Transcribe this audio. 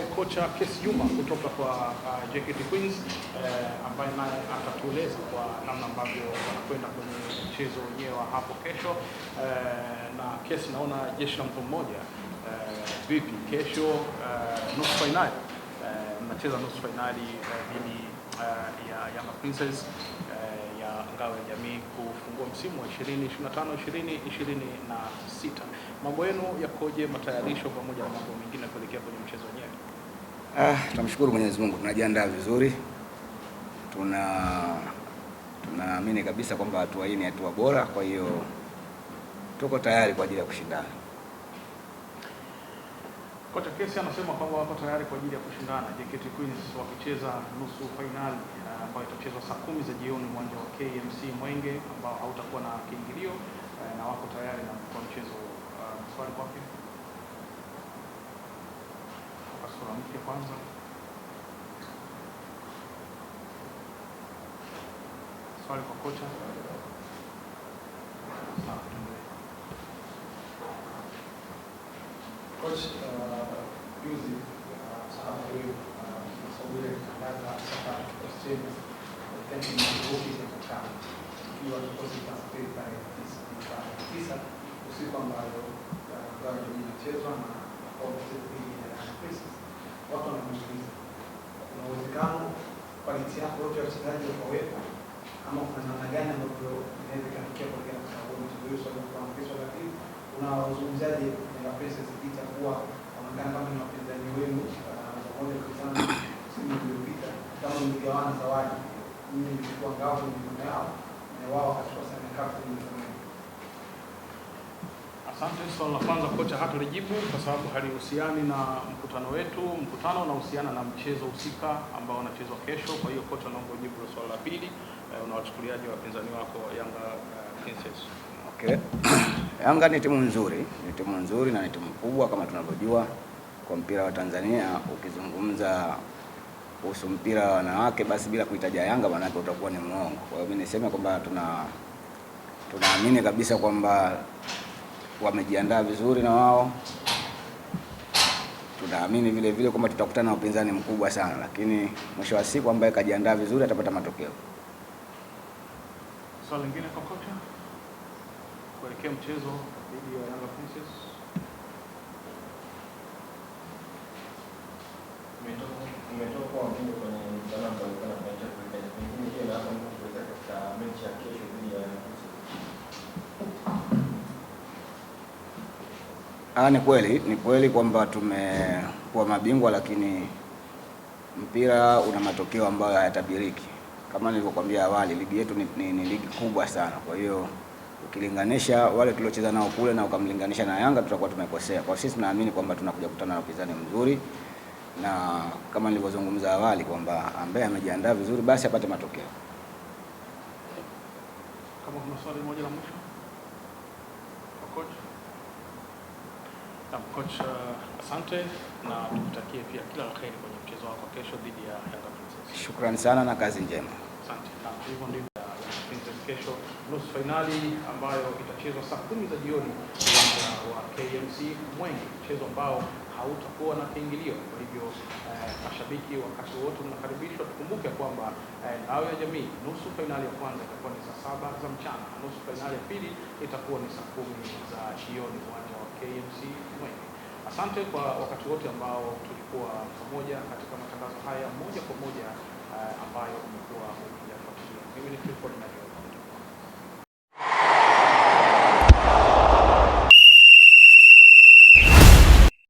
Eh, kocha Kesi Juma kutoka kwa uh, JKT Queens uh, ambaye naye atatueleza kwa namna ambavyo wanakwenda kwenye mchezo wenyewe wa hapo kesho. Uh, na Kesi, naona jeshi la mtu mmoja vipi? Uh, kesho uh, nusu fainali mnacheza uh, nusu fainali dhidi uh, uh, ya Yanga Princess uh, ya ngao ya jamii kufungua msimu wa 2025 2026 mambo yenu yakoje, matayarisho pamoja na mambo mengine kuelekea kwenye mchezo wenyewe? Ah, tunamshukuru Mwenyezi Mungu, tunajiandaa vizuri, tuna tunaamini kabisa kwamba hatua hii ni hatua bora, kwa hiyo tuko tayari kwa ajili ya kushindana. Kocha Kesi anasema kwamba wako tayari kwa ajili ya kushindana. JKT Queens wakicheza nusu fainali eh, ambayo itachezwa saa kumi za jioni uwanja wa KMC Mwenge ambao hautakuwa na kiingilio eh, na wako tayari na kwa mchezo uh, eh, swali kwake sura mpya kwanza swali kwa kocha ah, Coach, uh, juzi msafiri uh, uh, usiku ambayo inachezwa na watu wanakusikiliza. Kuna uwezekano quality yako yote ya wachezaji ukaweka, ama kuna namna gani ambavyo inaweza ikafikia kuelekea katika goli. Ndio swali kwa mkesho, lakini kuna wazungumzaji wa eh, pesa zikita kuwa wanaonekana kama ni wapinzani wenu pamoja kwa sana simu iliyopita, kama mligawana zawadi, mimi nilikuwa ngao ni yao na wao wakachukua sana kafu ni Asante. Swali la kwanza kocha hatulijibu kwa sababu halihusiani na mkutano wetu. Mkutano unahusiana na mchezo husika ambao unachezwa kesho. Kwa hiyo kocha, naomba ujibu la swali la pili. Uh, eh, unawachukuliaje wapinzani wako Yanga uh, Okay. Yanga ni timu nzuri, ni timu nzuri na ni timu kubwa kama tunavyojua kwa mpira wa Tanzania. Ukizungumza kuhusu mpira wa wanawake basi bila kuitaja Yanga maanake utakuwa ni mwongo. Kwa hiyo mimi niseme kwamba tuna tunaamini kabisa kwamba wamejiandaa vizuri na wao, tunaamini vile vile kwamba tutakutana na upinzani mkubwa sana, lakini mwisho wa siku ambaye kajiandaa vizuri atapata matokeo. lingine kwa kocha kuelekea mchezo dhidi ya Yanga Princess. Umetoka kwenye Ah, ni kweli, ni kweli kwamba tumekuwa mabingwa, lakini mpira una matokeo ambayo hayatabiriki. Kama nilivyokuambia awali, ligi yetu ni, ni, ni ligi kubwa sana, kwa hiyo ukilinganisha wale tuliocheza nao kule na ukamlinganisha na Yanga tutakuwa tumekosea. Kwa sisi tunaamini kwamba tunakuja kukutana na upinzani mzuri, na kama nilivyozungumza awali kwamba ambaye amejiandaa vizuri basi apate matokeo. Kama kuna swali moja la mwisho, kocha. Coach, uh, asante na tukutakie pia kila la heri kwenye mchezo wako kesho dhidi ya Yanga Princess. Shukrani sana na kazi njema. Asante. Na hivyo ndivyo uh, Yanga Princess kesho nusu finali ambayo itachezwa saa kumi za jioni uwanja wa AMC Mwenge, mchezo ambao hautakuwa na kiingilio. Kwa hivyo eh, mashabiki wakati wote mnakaribishwa. Tukumbuke kwamba eh, ngao ya jamii, nusu fainali ya kwanza itakuwa ni saa saba za mchana, nusu fainali ya pili itakuwa ni saa kumi za jioni, uwanja wa KMC Mwenge. Asante kwa wakati wote ambao tulikuwa pamoja katika matangazo haya moja kwa moja eh, ambayo umekuwa ukiyafuatilia. Mimi ni Clifford Nario.